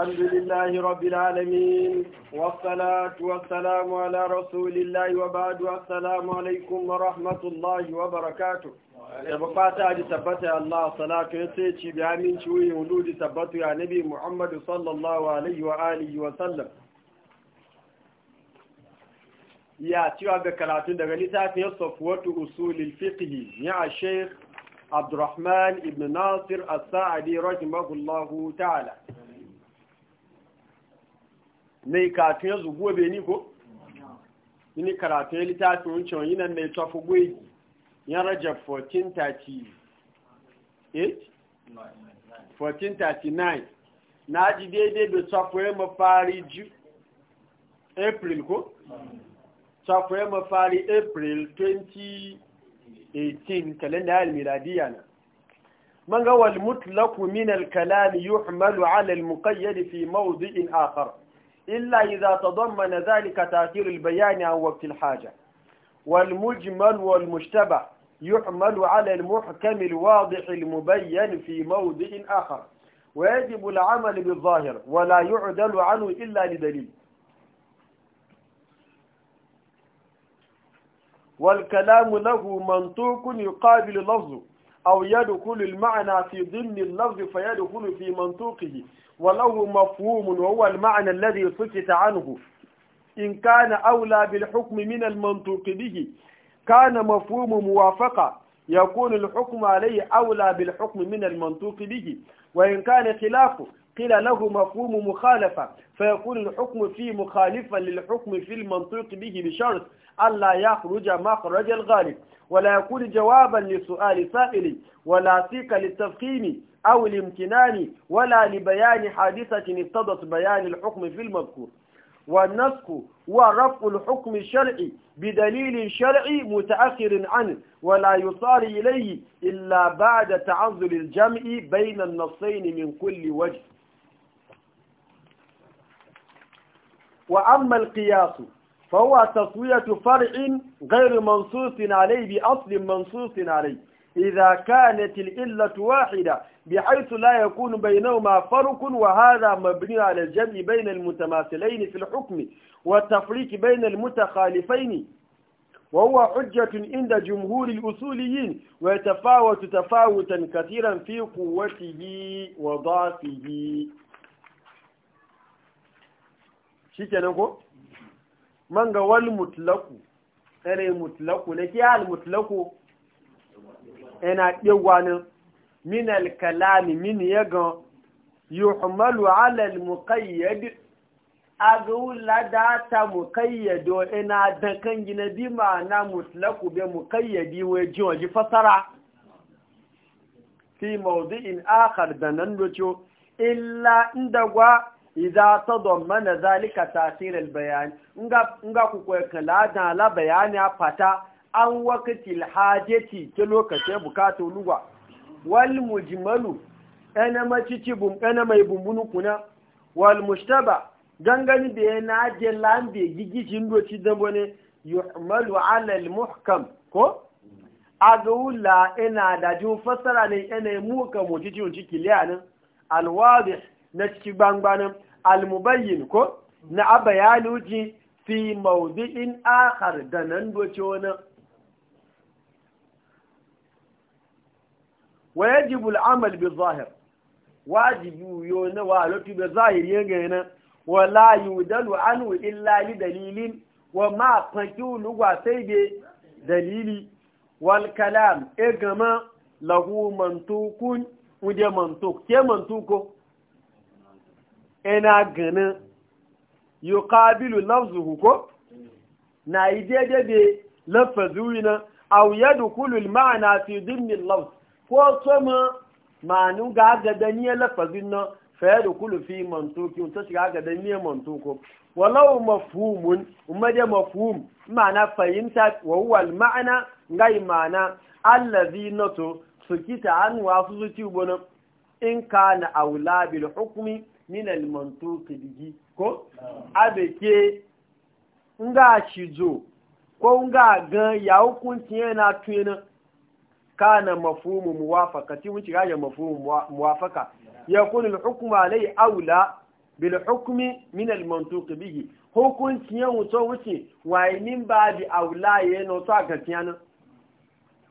الحمد لله رب العالمين والصلاة والسلام على رسول الله وبعد السلام عليكم ورحمة الله وبركاته يبقات تاجي ثبت الله صلاة يسيتي بأمين شوي ولود ثبت يا نبي محمد صلى الله عليه وآله وسلم يا تيوا بكراتين دغليتا في صفوة أصول الفقه يا الشيخ عبد الرحمن ابن ناصر الساعدي رحمه الله تعالى mai katu ya zugu bai ni ko ni karatu ya littafin wuncin wani nan mai tafi gwai? yan rajab 1438 1439 na ji daidai da tafi ya mafari ju april ko tafi ya mafari april 2018 kalenda ya almiradiya na من هو مطلق من الكلام يحمل على المقيد في موضع آخر إلا إذا تضمن ذلك تأثير البيان أو وقت الحاجة والمجمل والمشتبه يحمل على المحكم الواضح المبين في موضع آخر ويجب العمل بالظاهر ولا يعدل عنه إلا لدليل والكلام له منطوق يقابل لفظه أو يدخل المعنى في ضمن اللفظ فيدخل في منطوقه وله مفهوم وهو المعنى الذي سكت عنه إن كان أولى بالحكم من المنطوق به كان مفهوم موافقة يكون الحكم عليه أولى بالحكم من المنطوق به وإن كان خلافه قيل له مفهوم مخالفة فيكون الحكم فيه مخالفا للحكم في المنطوق به بشرط ألا يخرج مخرج الغالب ولا يكون جوابا لسؤال سائل ولا سيك للتفخيم أو الامتنان ولا لبيان حادثة اقتضت بيان الحكم في المذكور والنسك رفع الحكم الشرعي بدليل شرعي متأخر عنه ولا يصار إليه إلا بعد تعذر الجمع بين النصين من كل وجه وأما القياس فهو تسوية فرع غير منصوص عليه بأصل منصوص عليه إذا كانت الإلة واحدة بحيث لا يكون بينهما فرق وهذا مبني على الجمع بين المتماثلين في الحكم والتفريق بين المتخالفين وهو حجة عند جمهور الأصوليين ويتفاوت تفاوتا كثيرا في قوته وضعفه شكرا من قوى المطلق أنا المطلق لكي المطلق ina ɗewanin min alkalami min yagan yuhmalu ala almuqayyad agula data muqayyado ina dan kan gina bi ma'ana mutlaku be muqayyadi wai ji waje fasara fi mawdi'in akhar nan locho illa inda gwa idza tadammana zalika ta'sir al-bayan nga nga ku ko kala dan la bayani a fata an wakati hajeti ke lokacin bukatu lugwa wal mujmalu ana macici bum ana mai bumbunu kuna wal mushtaba gangani da yana je lambe gigijin doci da bone yuhmalu ala al muhkam ko adula ina da jin fassara ne ina mu ka un ciki liyan al wadih na cikin bangbana al mubayyin ko na abayani fi mawdi'in akhar da nan doci wani wa amal al'amal bi zahir wajibi yo na wa lotu bi zahir yanga na wa la yudalu anhu illa dalilin wa ma fakiu sai be dalili wal kalam e gama lahu mantukun uje mantuk ke mantuko ina ganin yuqabilu lafzuhu ko na yi daidai da lafazuwi na au yadkhulu al ma'na fi dhimmi al lafz ko sama manu ga gada ni lafazin nan fa yadkhulu fi mantuki to shiga gada ni mantuko walau mafhumun umma da mafhum ma'ana fahimta wa huwa al ma'ana ngai ma'ana allazi nato sukita an wa su zuci bonan in kana aula bil hukmi min al mantuki bihi ko abeke nga shizo ko nga gan ya na yana na kana mafhumu muwafaqa ti mun ciga ya mafhumu muwafaqa yakunu al-hukmu alai aula bil hukmi min al-mantuq bihi hukunci yan wuto wuce waye min ba bi aula ye no to aka tiyana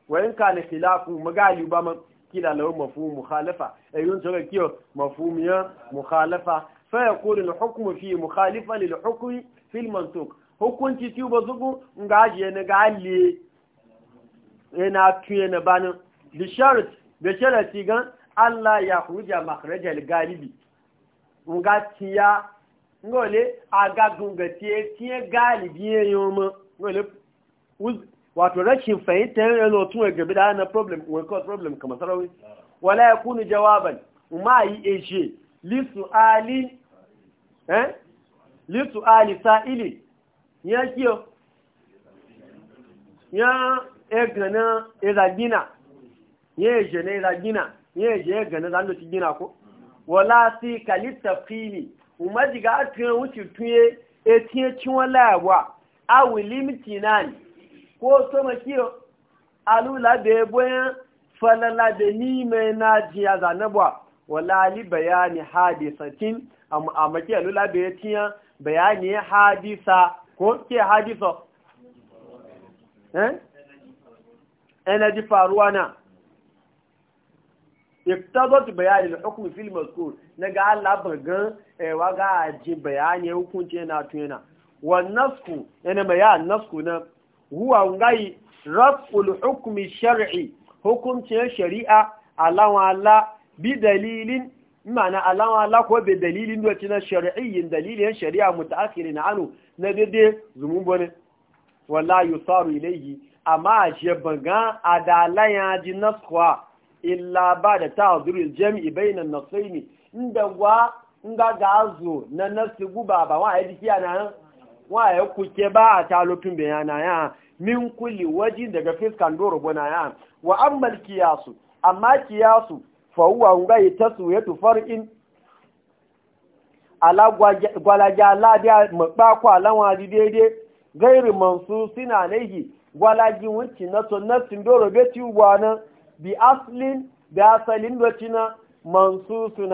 wayin kana khilafu magali ba man kila law mafhumu mukhalafa ayun eh, to ga kiyo mafhumu ya mukhalafa fa yakunu al-hukmu fi mukhalifan lil-hukmi fil mantuq hukunci ti ba zugu ngaje ne gali yana tuye na banin bisharat da sharati gan Allah ya huja makarajal galibi nga tiya ngole agagun ga tiye tiye galibi yayin mu ngole wato rashin fahimtar yana tun gabe da na problem will problem kamar sarawi wala yakunu jawaban ma yi eje lisu ali eh li su'ali sa'ili ya kiyo ya egana ezagina yeje ne ezagina yeje egana zando ti gina ko wala si kalitafini umajiga atun wuci tuye etie chiwon a awi limitinan ko to makiyo alula be boyan falala da ni mai naji ya zanabwa wala li bayani hadisatin a maki alula be yatiya bayani hadisa ko ke hadisa eh energy faruwa na iktazot bayani na hukumi fil mazkur na ga Allah bagan ewa eh, ga aji bayani hukunci yana tuna nasku yana mai nasku na huwa ngai raf'ul hukmi shar'i hukunci shari'a alawa ala bi dalilin ma'ana alawa ala ko bi dalilin da na shar'iyyin dalilin shari'a mutaakhirin anu na dede zumun bane wala yusaru ilayhi amma shi banga adalaya ji naswa illa ba da ta hudurul jami'i bainan nasaini inda wa nga na nasu guba ba dikiya na wa ya kuke ba a talofin bayana ya min kulli waji daga fiskan doro bona kiyasu amma kiyasu fa huwa ngai taswiyatu far'in ala gwalaja la dia mabakwa lawa daidai gairu mansusin alaihi gwalaji wunci na to doro be ti bi aslin da asalin wacina mansusun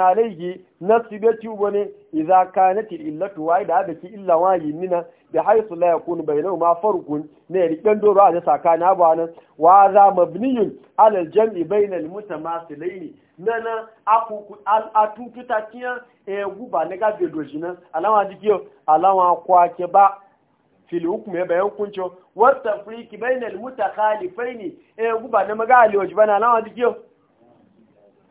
na su be ti ubane idza kanat illatu wa da da ki illa wa yinna bi haythu la nau ma farkun ne rikan doro a sakana bana wa za mabniyun bai na limuta masu laini na na akuku atututa kiyan e guba ne ga bedojina alawa dikiyo alawa kwake ba fil hukm ya bayan hukunci wa tafriqi bainal mutakhalifain eh guba na maga ali wajiba na alama dikiyo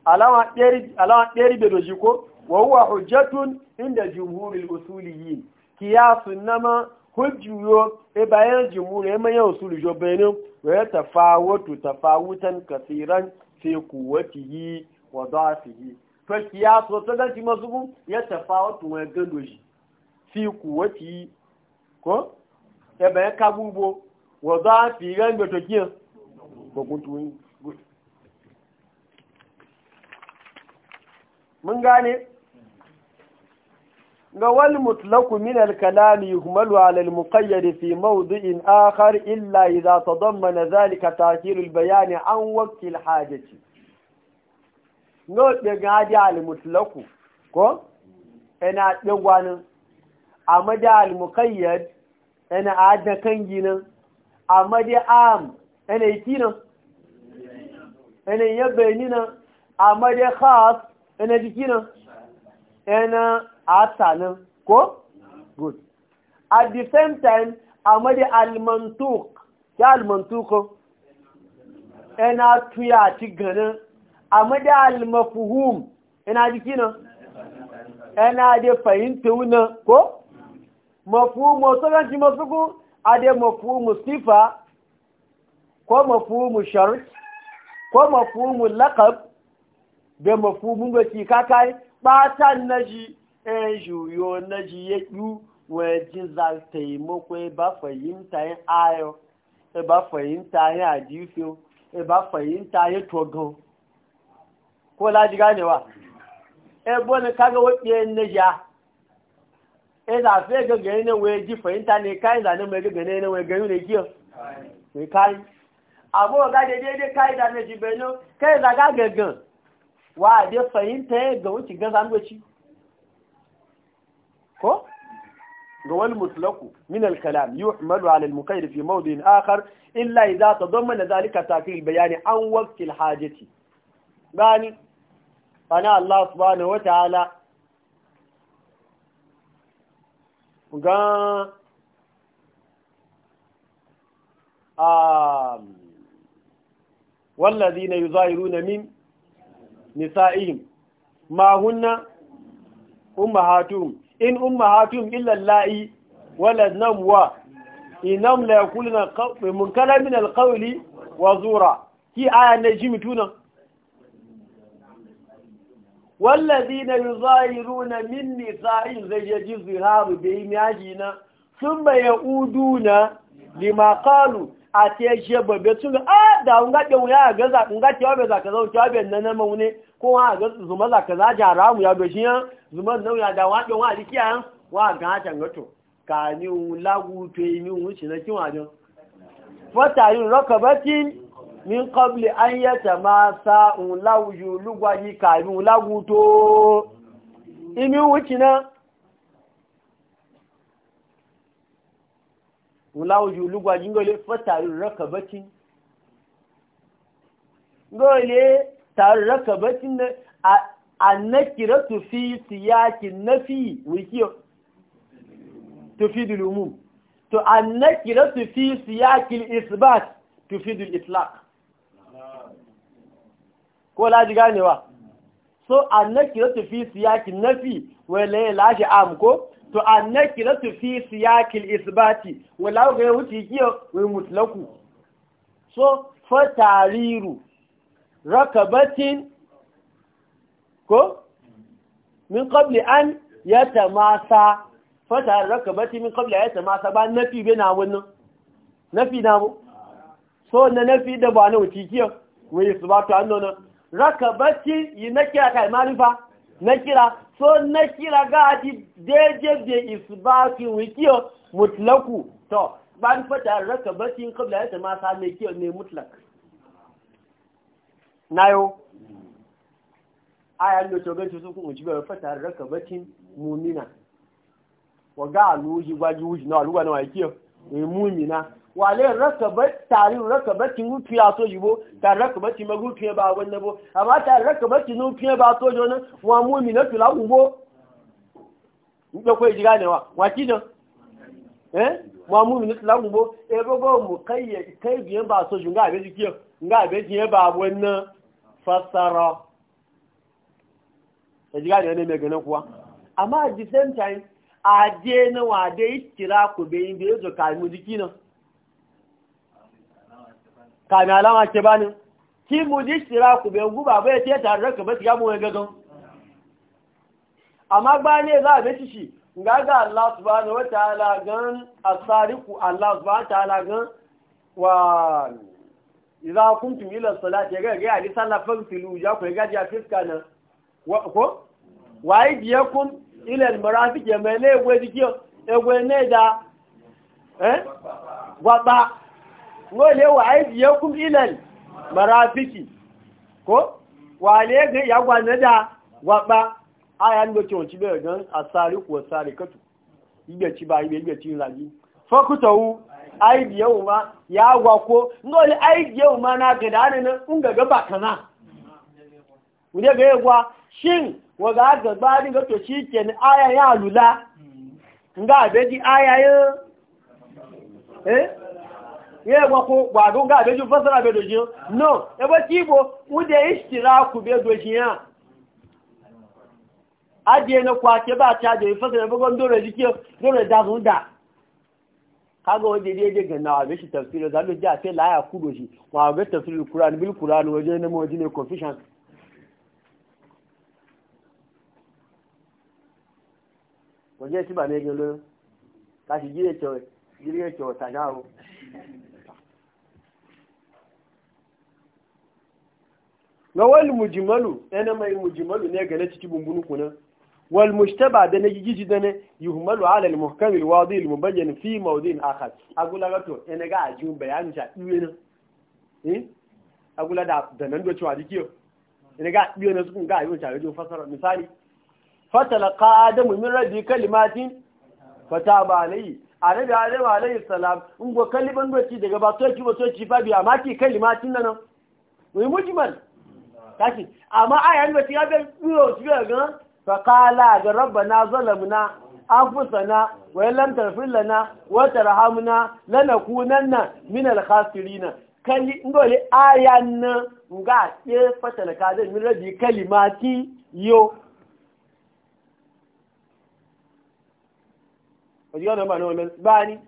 alama deri alama deri be doji ko wa huwa hujjatun inda jumhuril usuliyin kiyasun nama hujjuyo e bayan jumhur e mayan usuli jo bayanin wa ya tafawatu tafawutan kaseeran fi quwwatihi wa da'fihi to kiyaso to ganci masu ya tafawatu wa gandoji fi quwwatihi ko ẹbẹ̀ ká gbogbo wọ̀dọ́ á fi rẹ́ ń gbẹ̀tọ̀ kíyàn gbogbo tó yìí mun gane ga wal mutlaku min al kalam yuhmalu ala fi maudu in mawdi'in akhar illa ta zama na dhalika ta'khir al bayan an waqti al hajati no de gadi al ko ina de gwanin amma da al yana adda kan ginan amma dai am ana yi kinan Ana yi bayani nan amma dai khas ana yi nan Ana ata nan ko? good at the same time amma dai almantuk ya almantukun Ana tuya ci ganin amma dai almafuhum ana yi nan Ana dai fahimta wunan ko? mafuhumu sauranci masuku a dai mafuhumu sifa ko mafuhumu shart ko mafuhumu lakab da mafuhumu gwaki kakai batan naji ɗan juyo naji ya ƙi wajen za taimako ba fahimta yin ayo e ba fahimta yin adifiyo e ba fahimta yin togo ko laji ganewa ebe wani kaga waɗe ya. e za fe ga gani ne wai ji fahimta ne kai za ne mai ga gani ne wai gani ne kiyo ne kai abu ga de de de kai da ne ji beno kai za ga gagan wa de fahimta ya ga wuci ga zan goci ko ga wal mutlaku min al kalam yuhmalu ala al muqayyid fi mawdin akhar illa idha tadammana dhalika takil bayani an waqti al hajati gani ana Allah subhanahu wa ta'ala ga um, wallazi na yi zahiru na min nisa'ihim ma hunna ummahatum in ummahatum illa la'i waladnam wa inam la yakuluna mun kalamin alqawli wa zura ki aya na najimi tunan na yi min wallazina yuzahiruna minni sa'in zayyaji ziharu bi imajina thumma yauduna lima qalu atiyaje babe tun a da ngade wuya a ga za ngati wabe za ka zauci wabe nan mun ne ko a ga zuma zaka ka za ja ramu ya be shin zuma nan ya da wabe wa likiya wa ga ta ngato ka ni lagu yi ni wun shi na kin wajo fata yin rakabatin min qabli an yatamasa ulawju lugwaji kami ulaguto imi wucina ulawju lugwaji ngole fataru rakabatin ngole taru rakabatin ne annakiratu fi siyakin nafi wikiyo tufidul umum to annakiratu fi siyakil isbat tufidul itlaq ko laji ganewa so annakiratu fi siyaki nafi wala ya laji am ko to annakiratu fi siyakil isbati wala ga wuce kiyo wai mutlaku so fa tariru rakabatin ko min qabli an yatamasa fa tariru rakabatin min qabli yatamasa ba nafi be na wannan nafi na mu so na nafi da ba na wuce kiyo wai isbatu annona Raka bacci yi na kira kai marifa na kira so na kira ga ati daidai da isbati wikiyo mutlaku to ba ni fata bacci in kabla ya tama sa mai kiyo ne mutlak nayo ayan to togan su kuma ji bai fata bacci mumina wa ga aluji gwaji wuji na aluwa na wa kiyo mumina wale rakabat tare rakabatin rufiya so yibo tare rakabatin magufiya ba wannan bo amma tare rakabatin rufiya ba so jona wa mu'mina tula ubo nje ko jiga ne wa wa kidan eh wa mu'mina tula ubo e eh, gogo mu kayye kai biye ba so junga abeji kiyo nga abeji ba wannan fasara e jiga ne ne ganin kuwa amma at the same time a je na wa dai kira ku bai bai zo kai mu jiki na kami alama ke ki mu ji shira ku bai guba bai ce tare ya mu gagan amma ba ne za a bace shi ga ga Allah subhanahu wataala gan asariku Allah subhanahu wataala gan wa idza kuntum ila salati ga ga ali sallah ya ku ga fiska ko wa ila almarafiq ya mele egwe ne da eh wale wa kum ilal marafiki ko wale ga ya gwane da gwaba ayan do ci onci don a asari kuwa asari katu ibe ci ba ibe ibe ci raji fakutawu aidiyawma ya gwa ko ngole aidiyawma na ga dane na un ga gaba kana wuje ga yagwa shin wa ga ga ba ni ga to shikenan aya ya lula nga be ji aya eh E ya gbako gbagon ga abejin fasara bai dojin no ya ba kibo shira ku bai dojin ya ajiye na kwake ba ta da ya fasara bugon dole jike dole da sun da kaga wanda ya je ganna wa bai shi tafsirin zalo ji a ku doji wa bai tafsirin kurani bil kurani waje ne confession waje ba ne gelo wal mujmalu ana mai mujmalu ne ga na ciki bumbunu kuna wal mujtaba da na gigi da ne yuhmalu ala al muhkam al wadi al mubayyan fi mawdin akhar agula gato ɗana ga ajin bayani ta ɗuwe nan eh agula da da nan doce wa dikiyo ɗana ga ɗuwe na sun ga ayyuka ga fasara misali fatalaqa adamu min rabbi kalimatin fataba alayhi annabi adamu alayhi salam ungo go kaliban dace daga ba soki ba soki fa biya ki kalimatin nan wai mujmal tashi amma aya ne ya ga biyo shi ga fa qala ga rabbana zalamna anfusana wa lam tarfil lana wa tarhamna lanakunanna min al-khasirin kali ngole aya nan nga ce fatal ka da min rabi kalimati yo wajiga da ba nan ba ni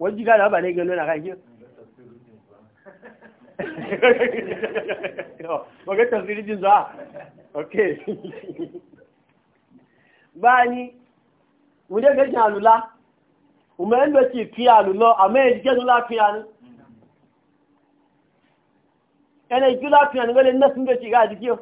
wajiga da ba ne ga nan kan ọ̀gẹ́ tẹ̀sírí jù sá ọ̀kẹ́ báyìí mo dé gẹ́gẹ́ àlùlá òmò ẹ̀ ń lọ sí ìfi àlùlọ àmọ́ ẹ̀ jẹ́ ńlá fi àní ẹni ìjú láti àní wẹ́lẹ̀ náà síndọ̀ sí gáàdì kí o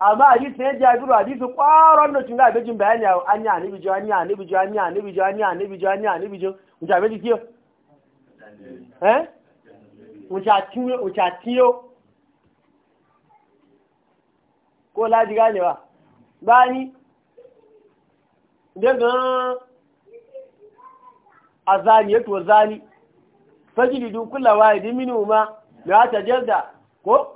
amma hadisi ne jabiru hadisi kwaron da cin gabe jin bayani an yi anibi jo an yi anibi jo an yi anibi jo an yi anibi jo an yi kiyo jo wuce abe jikiyo eh wuce atiyo ko laji ganewa bani daga azani yato zani fajilidu kullawa idin minuma ya ta jelda ko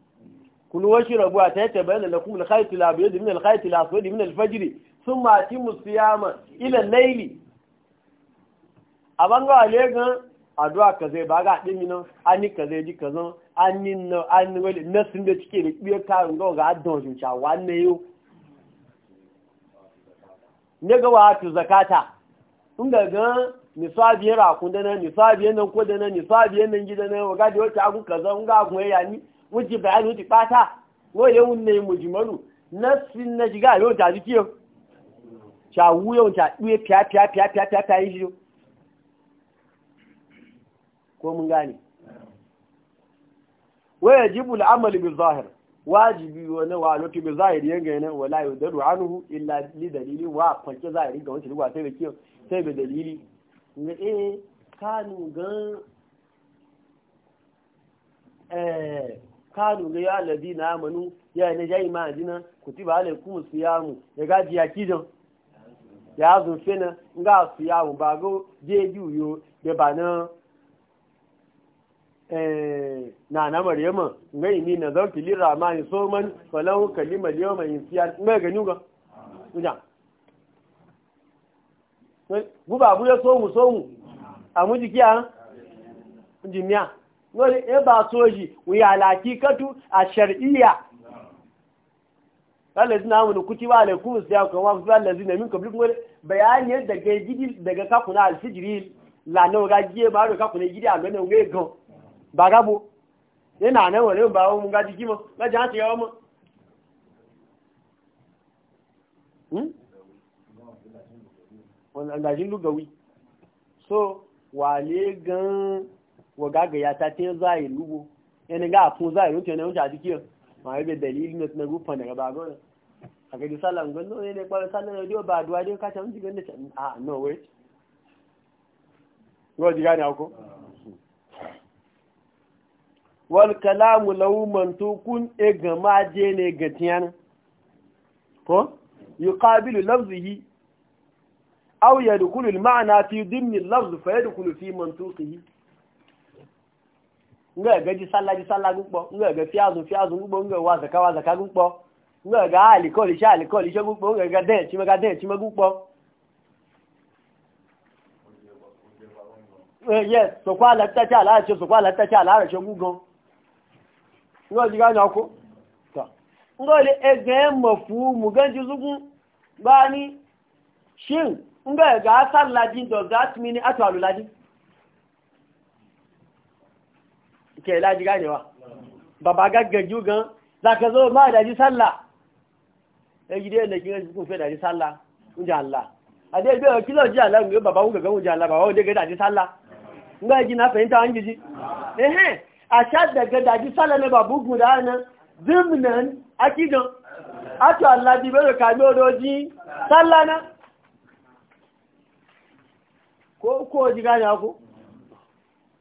kulu washrabu ta da na kuma khayt al da min al-khayt al-aswad min al-fajr thumma atimu siyama ila al-layl a alegan addu'a zai ba ga dimi nan ani zai ji kazan ani no ani na nasin da cike da biye karin ga ga addon shi cha wanne yo ne ga wa tu zakata kun ga ga biyar akun da nan biyar nan ko da nan misabiyar nan gidan nan ga da wata agu kazan ga kuma yani wuce bayani wuce fata wai yau ne mujimalu nassin na jiga yau ta jiki yau ta wuyan ta ɗuye fiya fiya fiya fiya fiya ta yi shi ko mun gane waya jibu al'amali bil zahir wajibi wani wa lotu bil zahir yanga ne? wala yudaru anhu illa li dalili wa fanke zahiri ga wancan ruwa sai da kiyo sai da dalili ne eh kanu ga eh kanu ga ya alladhi na amanu ya ne jai ma ba kutiba alaikum siyamu ya gaji ya kidan ya zo fena nga siyamu ba go je juyo da ba na eh na na maryama ngai ni na zauki lirrahmani soman falahu kalimal yawma insiyan ngai ga nyuga kuja guba bu ya so mu so mu a mu jikiya jimiya wani e ba soji wuya katu, a shari'iya. Allah zina mun kuti ba le kuma sai ku ma fa Allah zina min kabli kuma bayani daga gidi daga ka kuna al-sijril la no ga giye ba ro ka kuna gidi a gane ngai gan ba gabo yana nan wani ba mun ga jiki ma, ga jan ci yawa mu hmm wannan lajin lugawi so wale gan wagaga ya ta te yi lubu yana ga fun zai rutu ne wuta dikiyo ma bai dalilin na na gufan daga bago a ga sallan gando ne ne kwara sallan radio ba duwa dai ka ta mun ganda a no wait go diga ne kalamu e gama je ne ko lafzihi fi fi nga ga e ji sallah ji sallah gukpo nga ga e fiazu fiazu gukpo nga e wa zaka wa zaka gukpo nga ga ali koli sha ali koli sha gukpo nga ga de chi ma ga de chi ma gukpo eh yes so kwa la ta cha la so kwa la ta cha la sha gugo nga ji ga na ko ta nga le e ga mo fu mu ga ji zugu ba ni shin nga ga sallah ji do that mean atwalu ladi ke laji ganewa ba ba gaggaju gan za ka zo ma daji sallah ya gidi yadda kin kun fi daji sallah kun ji Allah a dai bai kilo ji Allah ne baba kun ga kun ji Allah ba wanda ga daji sallah kun ga ji na fahimta an ji eh eh a sha daga daji sallah ne babu guda nan zimnan A to Allah bi bai ka mi odoji sallah na ko ko ji ganewa ko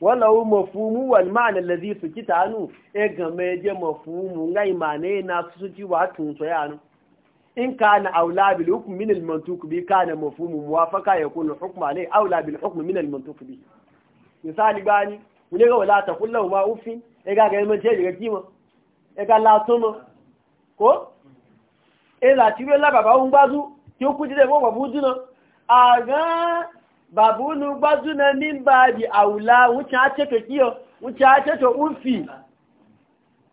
walau mafumu wal ma'ana allazi sukita anu e game je mafumu ngai mane na suci wa tun so ya in kana aula bil hukm min al mantuq bi kana mafumu muwafaqa yakunu hukm alai aula bil hukm min al mantuq bi misali bani mune ga wala ta kullu ma ufi e ga ga mun ce daga kima e ga la tomo ko e la tiwe la baba un bazu ki ku jide bo babu jina aga babu unu gbazu na min ba bi awula, wuce a ce to kiyo wuce a ce to ufi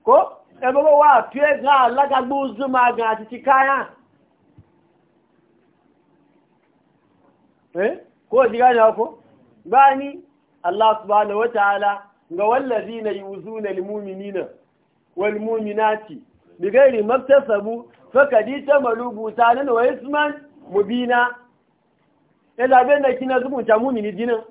ko ẹgbogbo wa fiye ga alagagbó zuma ga àtìtì káyà eh ko ji gane ko bani Allah subhanahu wataala ga wallazina yuzuna almu'minina walmu'minati bighairi maktasabu fakadita malubu tanan wa isman mubina ya zaɓe da kina zumunta mumini jinin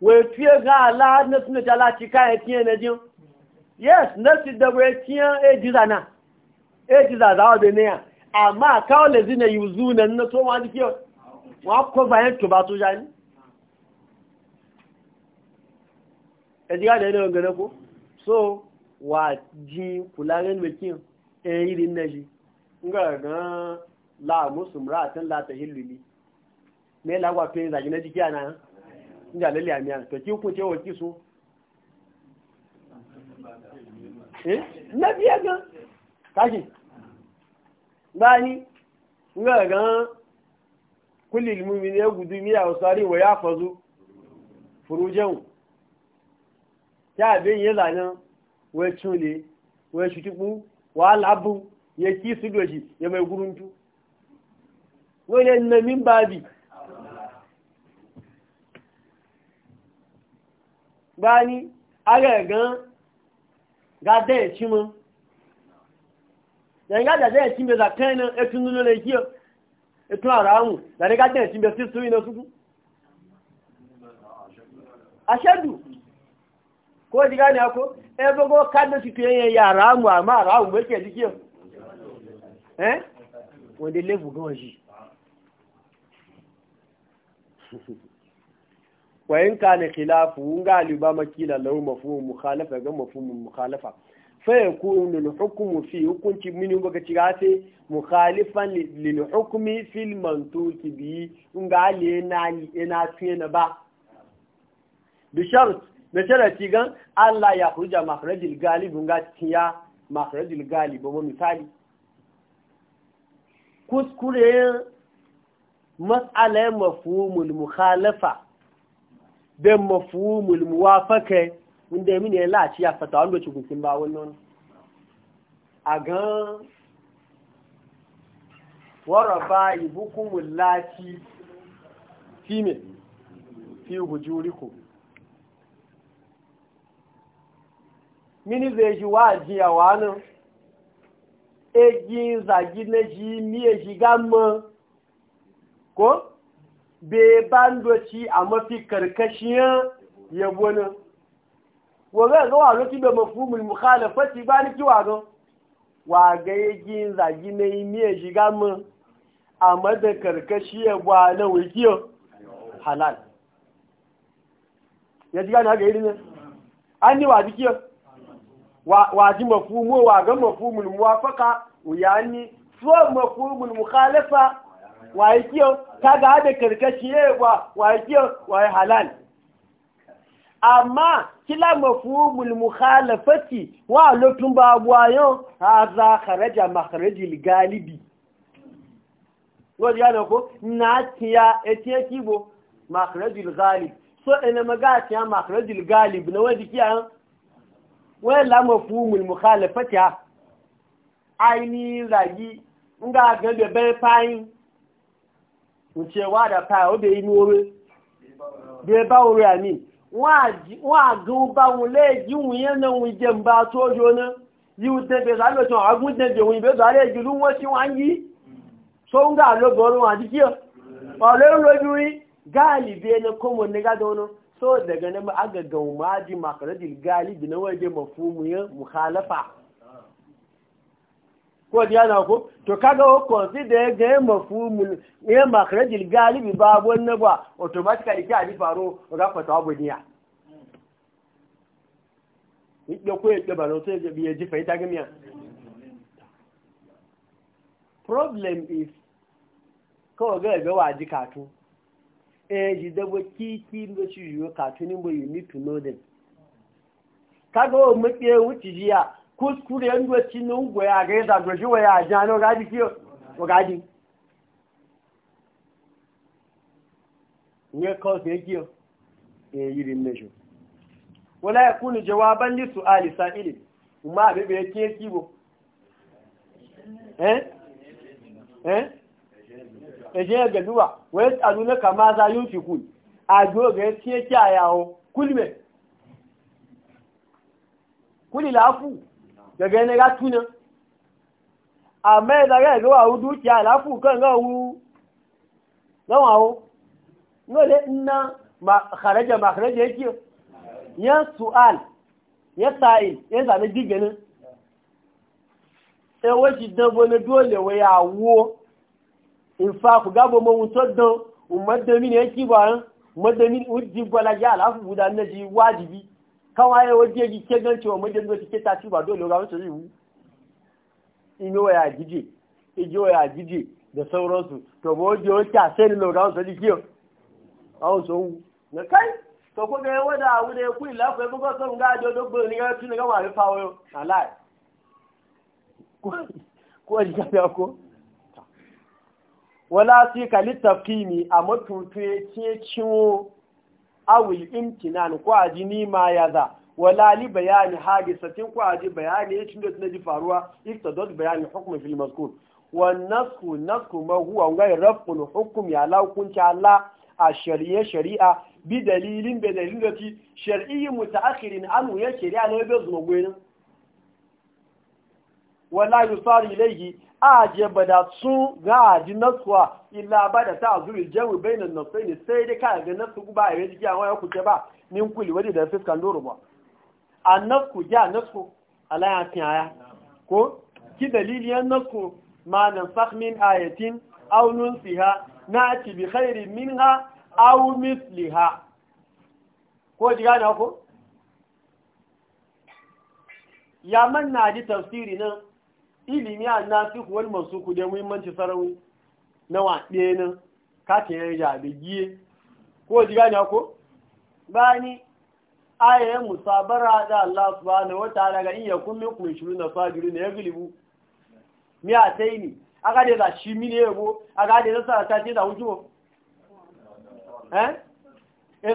wai fiye ga Allah na suna talaci kayan e fiye na jin yes na su da wai fiye a jiza na a e jiza za wa bene amma kawo da zina yi zunan na so ma jike wa ko bayan tuba to jani ko so wa e yi na gan la musu muratan la ta hilluli me la gwa pe zagi na jiki ana inda lalle amiya to ki ku ce wa ki so eh na biya e ga kashi bani nga ga kullil mu'min ya gudu miya wasari wa ya fazu furujan ta bin ya zanan wai chule wai shutiku wa labu ya ki su doji ya mai guruntu wani na min babi bani aga gan gada ya ci mun yanga da zai ci bai zakai nan etun nuno ne kiyo etun aramu da ne gada ya ci bai sisu ina suku ashadu ko diga ne ako e bogo kada ci kiyen ya aramu amma aramu bai ke dikiyo eh wanda lebu gan shi wayin ka ne khilafu un ga liba makila lahu mafhum mukhalafa ga mafhum mukhalafa fa yakunu al hukmu fi hukunci min ba ga cigate mukhalifan lil hukmi fil mantuqi bi un ga le na ina na ba bi shart da sharati gan Allah ya huja makhrajil galib un ga tiya makhrajil galib ba misali kuskure matsalar mafumul mukhalafa da mafumul muwafaka inda mini ya lati ya fata wanda ci gusin ba wannan a gan waraba ibukumul lati fi me fi hujuriku mini zai e ji wa ajiyawa nan egin zagi na ji miye shiga mọ́ ko be bandoci a mafi karkashiyar yabonin wa ga wa lokaci da mafhumul mukhalafati ba ni kiwa ga wa ga yake zagi na yi miye shiga mun a mada karkashiyar ba na wikiyo halal ya ji gani haka yi ne an yi wa kiyo wa ji mafhumo wa ga mafhumul muwafaka wuya ni so mafhumul mukhalafa waye kiyo ga da karkashi wa waye kiyo waye halal amma kila mafhumul mukhalafati wa lutun babwayo hadha kharaja makhrajil galibi wajen na ko na tiya etiye kibo makhrajil galib so ina maga tiya makhrajil galib na wajen kiya wa la mafhumul mukhalafati ni zagi nga ga be fine ncewa da paa obe inu ore bie ba ore ami wọn agun ba wọn léèjì wọn yẹn náà wọn jẹ mbà tó yọ náà yíò tẹ́bẹ̀ sálòtàn agún tẹ́bẹ̀ wọn ìbẹ̀ sálẹ̀ ìjìlú wọn sí wọn yí tó ń gà lọ́gọ́rùn àti kíọ̀ ọ̀lẹ́ ń lójú rí gáàlì bí ẹni kó mọ̀ nígbà dánú tó dẹ̀gẹ̀ náà agàgà wọn máa di màkàrẹ́dì gáàlì dì náà wọ́n jẹ mọ̀ fún mu yẹn mùkálẹ́fà ko diya na ko to kaga o consider ga mafhumul ya makhrajil galibi ba wannan ba automatically ki adi faro ga fata abu diya ni da ko yake ba sai ga biye ji faita ga miya problem is ko ga ga waji katu eh ji da bo ki ki ngo shi yo katu ni bo you need to know them kaga o mu ke wuci jiya kuskure yanzu ci nungwe a ga yadda gaji wa ya ji hannu gaji kiyo wa gaji ne kawai ya kiyo ya yi shi wala ya kunu jawaban li su'ali sa'ili kuma abin bai kiye kibo eh eh eje ya gaduwa wai kama za yi kulme kuli lafu gẹ̀gẹ́ ẹni rá túnà àmẹ́ ìdárẹ́ ìrọ́wà ó dúkìá àláfù kan náà wú lọ́wọ́n àwọn ní olè nná kàrẹ́jẹ̀ màkàrẹ́jẹ̀ kí o yẹn sùál yẹn sàáì ní ewé ti dán bọ́lẹ̀ dúró lẹ̀wẹ̀ àwọ ìfàkù tó dán òmọdé mi ní ẹ wà ń mọ́dé mi ó di jẹ́ àláfù náà ti káwọn wọ́n díẹ̀ yìí ké tí wọ́n mọ́jẹ́ ló ti ké tàbí ìbàdó ìlọ́ra wọ́n sọ̀rọ̀ ìwú inú ọ̀yà àjíjì ìjọ ọ̀yà àjíjì dẹ̀sọ́rọ́sù tọ̀bọ̀ ó di ó tí àṣẹ nílò ọ̀rọ̀ àwọn sọ̀rọ̀ kí ọ̀ àwọn wù. tọ́kọ́ wọ́n dà àwọn awul imtinan ko aji nima ya za wala li bayani hadisatin ko aji bayani yacin da tunaji faruwa iktadot bayani hukumin fil mazkur wan nasku nasku ma huwa ngai rafqul hukm ya la a shari'a shari'a bi dalilin bi dalilin da ti shar'i mutaakhirin an ya shari'a ne bai zuwa gwenin wala yusari ilayhi aje bada su ga ji nasuwa illa ba da ta zuri jawi bainan nasuwa ne sai dai ka ga nasu ba a yi a waya kuke ba nin kuli wani da fi doro ba a nasu ya nasu alaya Aya, ko ki ya nasu ma na sakmin ayatin na ci bi min ha aw misliha ko ji gane ya man na ji tafsiri nan ilimi a nasu kuwar masu ku muhimmanci sarari na waɗe nan kakin yan jabe giye ko ji gani ko bani ayayen musabara da Allah su ba na wata ga iya kun min na shiru na ya gilibu mi a tai ni aka da za shi mi ne yabo aka da za sa ta ce da hujjo eh, eh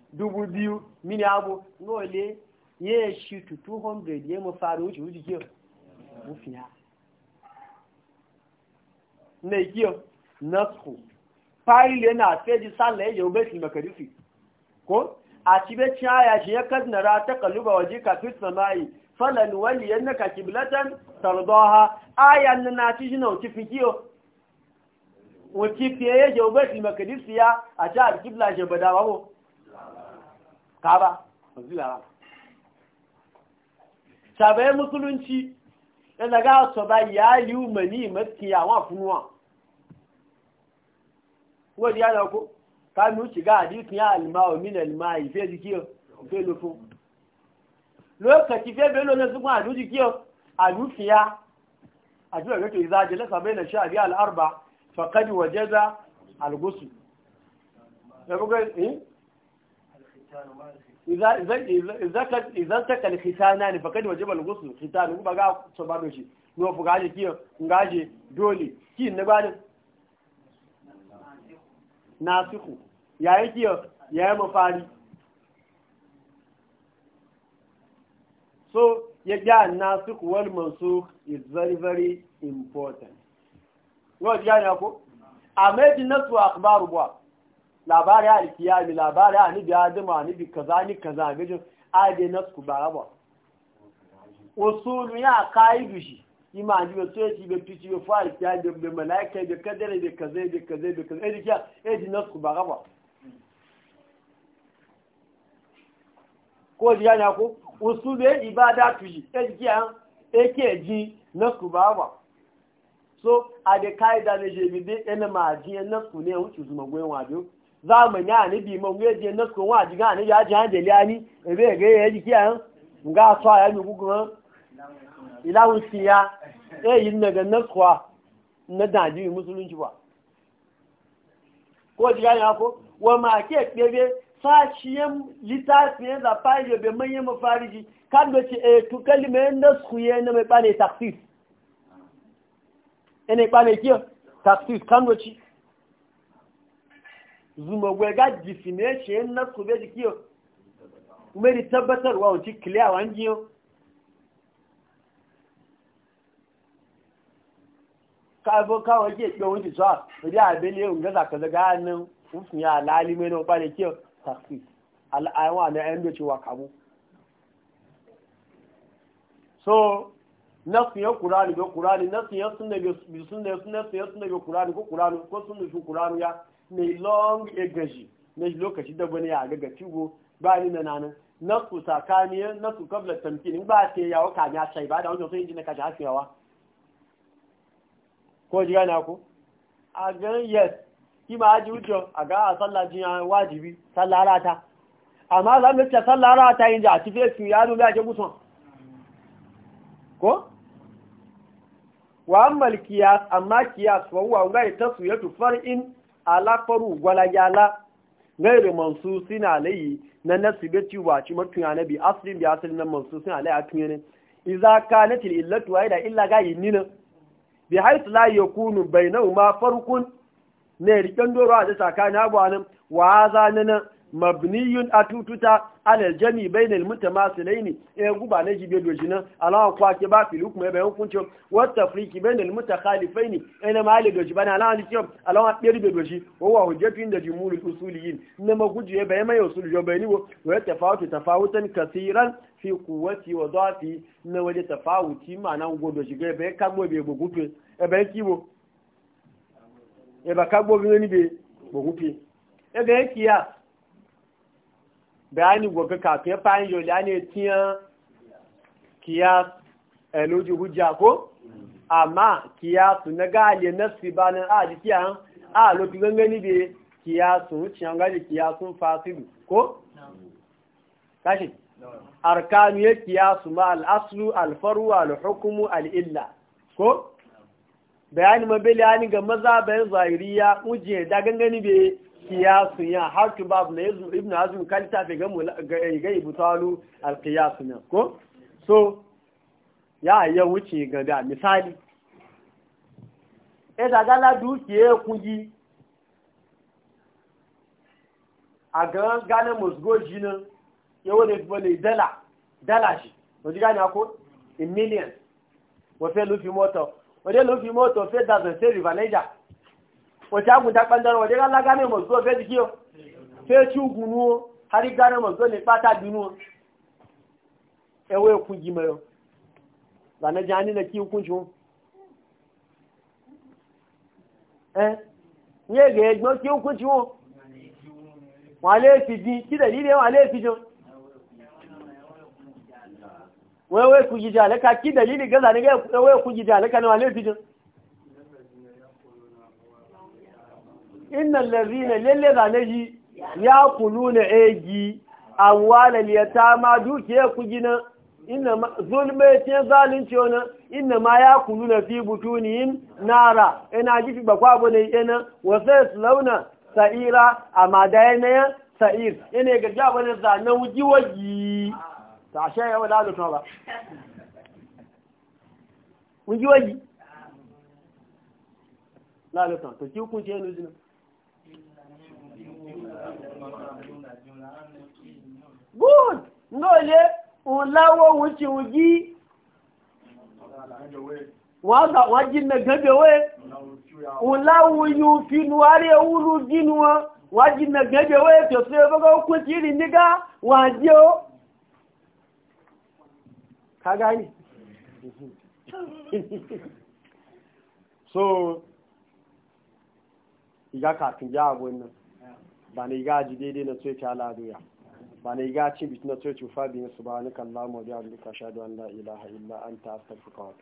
dubu biyu mini abu ya yi shi tu 200 ya mu faru wuce wuce kiyo mu fiya ne kiyo nasku fayil yana feji san na jaube obesi makarifi ko a cibe ciya shi ya kaznara ta kaluba waje kafin samayi falan wali yana ka kiblatan tardoha ayan na ci shina na wuce fi kiyo wuce fiye yaya jaube fi makarifi ya a ci a kibla shi bada babu kaba mazilara sabai musulunci da daga su ba ya yi umani mafiya wa funuwa wadda ya da ku kami wuce ga hadithin ya alimawa min alimayi fe jikiyo fe lufo lokaci fe belo na zukun hadu jikiyo a dukiya a jiwa gato izaji na sabai na sha biya al'arba faƙadi wajeza algusu. Ya bugai, idan ta kal khitana ne fakad wajibal ghusl khitana ku baga so ba doshi no wafi gaje kiyo ngaje dole ki na ba na nasiku yayi ya yayi mafari so ya ga nasiku wal mansukh is very very important no ya ko amma din nasu akhbaru ba labari a alkiyami labari a nibi adama nibi kaza ni kaza gajin ade na su ba raba usulu ya kayi dushi ima ji ba sai ci ba fici ba fa alkiyami da bai malaika da kadare da kaza da kaza da kaza da kya edi na su ba raba ko ji yana ko usulu ya ibada tuji edi kya ake ji na su ba raba so a da kayi da na jebi dai ina ma ji na su ne wuce zuma gwen biyu zamani a nabi ma wuya je na kun waji ga ne ya ji han jeli ani e be ga ya ji kiya nga so ya mi gugu ila ya e yin daga naswa na musulunci ba ko ji ga ko wa ma ke bebe sashiyan litafiyan da fa'ido be manye mafariji kan da ce e tu kalime nasku ye na mai bane taksis ene kiyo taksis kan ci zuma gwega jifine shi yin nasu bai jikiyo meri tabbatarwa wancin kiliya wangiyo kaabo kawo ke pe won ti so a ri abele o ngaza kan daga nan ufun ya alali me no pale ke taxi al àwọn na en do wa kabo so nasu ya qur'ani go qur'ani nasu ya sunna go sunna sunna sunna go qur'ani ko qur'ani ko sunna shu qur'ani ya mai long ya na lokaci da wani ya ga cigo ba ni na nan na ku sakaniya na su kabla tamkin ba ce yawa ka ya sai ba da wannan sai injin ka ta ko ji gana ko a ga yes ki ma ji wuce a ga sallah jin wajibi sallah rata amma za mu ce sallah rata inji a cikin su ya nuna ke gusan ko wa amma kiyas amma kiyas wa huwa ya tasuyatu far'in alafaru yala gairu suna layi na nasibe cewa ci na anabi asirin bi asirin na suna alayhi a tunyanin iza kanat al illatu da illa yi nina bi haythu la yakunu bainahuma farqun ne rikon doro a tsakanin abuwa nan wa za na? mabniyun atututa ala jami bayna al mutamasilain e eh, guba ne jibe dojina ala kwa ke ba filu kuma bayan hukunci wa tafriki bayna al mutakhalifain ina eh, ma ale doji bana ala aliki ala wa deri be doji wa wa hujjatu inda jumhur al usuliyin inna ma guje bayan mai usul jo bayani wo wa tafawutu tafawutan kaseeran fi quwwati wa dhafi na waje tafawuti mana godo shiga bayan kagbo be gogupe e bayan kibo e ba kagbo bi ni be gogupe e ga yakiya bayani gobe kafin fayin yola ne tiya kiya eloji eh, hujja ko amma kiyasu na gali na sibanin a kiya a lokaci gangani be kiyasu wuciyan gali kiyasun fasidu ko? kashi arkanu ya kiyasu ma al'aslu alfaru alhukumu al'illa ko? bayani mabili hannun ga maza bayan zahiriya ujiye da gangani be kiyasun ya har babu na ibn azum kan alkiyasun ya ko so ya yi wuce ga da misali ya e, daga la dukiye kungi a ga gane musgoji nan yawon da dala dala shi wọ́n gane ako in millions wọ́n lufi motor wọ́n lufi dazan sai river wata guda ɓangaren waje Allah gane mazuwa ga jiki sai ci gunuwo har gane mazuwa ne ɓata binuwa e ewe ku gima yau zane jani na kiyin kunshi eh nye ga egbo kiyin kunshi wọn wọ́n lè fi dín kí dẹ̀ lílé wọ́n lè fi jọ wọ́n wé kú jíjà lẹ́ka kí dẹ̀ lílé gẹ́zà ní ẹwé e kú jíjà lẹ́ka ní wọ́n lè fi jọ innan lalzina lalle zane shi ya kulu na egi amwalar ya ma dukiya ku gina zulme ce zalunci wani ina ma ya kulu na fi butuniyin nara ina gifi bakwa abu yana wasu launa sa'ira a madayen na yan sa'ir yana ga gaba na zanen wujiwaji ta ba good ngole ulawo wuce wuji waga wajin na gabe we ulawo yu finuware wulu jinuwa wajin na gabe we to sai baga hukunci irin niga wajiyo ka gani so iga kafin ya abu nan ba na iga ji daidai na tsoci aladuya ba na iga ci bitin na tsoci fabi na su ba ni kallon mu da duka rika da ilaha illa an ta astagfirka wa